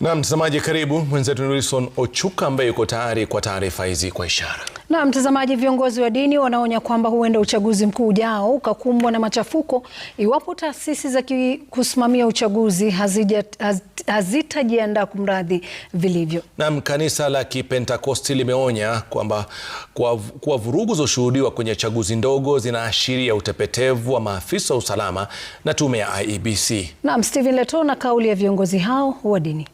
Na mtazamaji, karibu mwenzetu Wilson Ochuka ambaye yuko tayari kwa taarifa hizi kwa ishara. Na mtazamaji, viongozi wa dini wanaonya kwamba huenda uchaguzi mkuu ujao ukakumbwa na machafuko iwapo taasisi za kusimamia uchaguzi hazitajiandaa kumradhi vilivyo. Naam, kanisa la kipentakosti limeonya kwamba kuwa kwa vurugu zoshuhudiwa kwenye chaguzi ndogo zinaashiria utepetevu wa maafisa wa usalama na tume ya IEBC. Naam, Stephen Leto na kauli ya viongozi hao wa dini.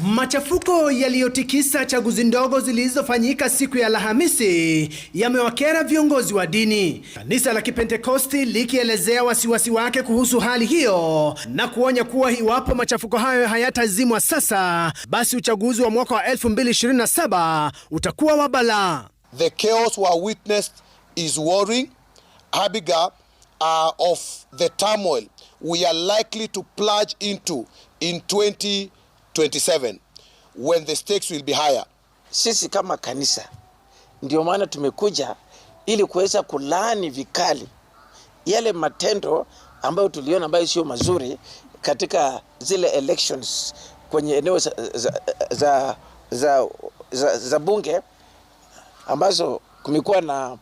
Machafuko yaliyotikisa chaguzi ndogo zilizofanyika siku ya Alhamisi yamewakera viongozi wa dini. Kanisa la Kipentekosti likielezea wasiwasi wake kuhusu hali hiyo na kuonya kuwa iwapo machafuko hayo hayatazimwa sasa, basi uchaguzi wa mwaka wa 2027 utakuwa wa balaa. The chaos we witnessed is worrying. Abiga, uh, of the turmoil we are likely to plunge into in 20 27 when the stakes will be higher. Sisi kama kanisa ndio maana tumekuja ili kuweza kulaani vikali yale matendo ambayo tuliona ambayo sio mazuri katika zile elections kwenye eneo za, za, za, za, za, za bunge ambazo kumekuwa na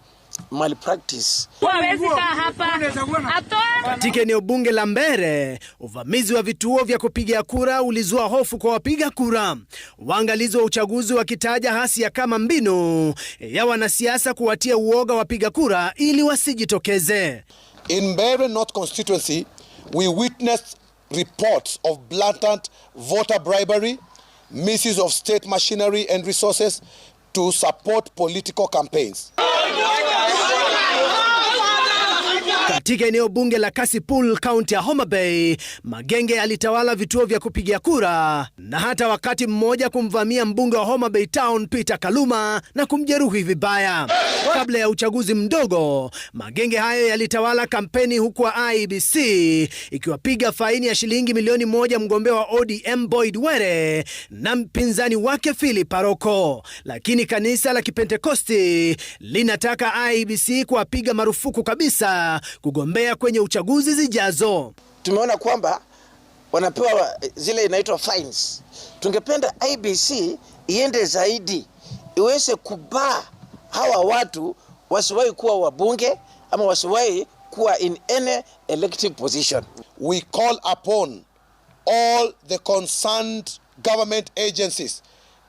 katika eneo bunge la Mbere, uvamizi wa vituo vya kupiga kura ulizua hofu kwa wapiga kura, waangalizi wa uchaguzi wakitaja hasia kama mbinu ya wanasiasa kuwatia uoga wapiga kura ili wasijitokeze. In Mbere North constituency, we witnessed reports of blatant voter bribery, misuse of state machinery and resources to support political campaigns. Katika eneo bunge la Kasipul, kaunti ya Homa Bay, magenge yalitawala vituo vya kupigia kura na hata wakati mmoja kumvamia mbunge wa Homa Bay Town Peter Kaluma na kumjeruhi vibaya. Kabla ya uchaguzi mdogo, magenge hayo yalitawala kampeni huku IBC ikiwapiga faini ya shilingi milioni moja mgombea wa ODM Boyd Were na mpinzani wake Philip Paroko. lakini kanisa la Kipentekosti linataka IBC kuwapiga marufuku kabisa kugo kugombea kwenye uchaguzi zijazo. Tumeona kwamba wanapewa eh, zile inaitwa fines. Tungependa IBC iende zaidi, iweze kubaa hawa watu wasiwahi kuwa wabunge ama wasiwahi kuwa in any elective position. We call upon all the concerned government agencies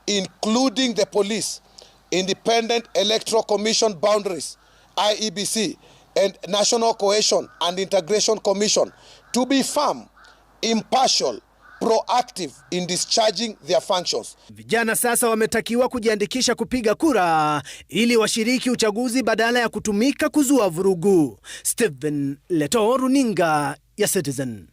including the police, Independent Electoral Commission boundaries, IEBC and National Cohesion and Integration Commission to be firm, impartial, proactive in discharging their functions. Vijana sasa wametakiwa kujiandikisha kupiga kura ili washiriki uchaguzi badala ya kutumika kuzua vurugu. Stephen Leto, Runinga ya Citizen.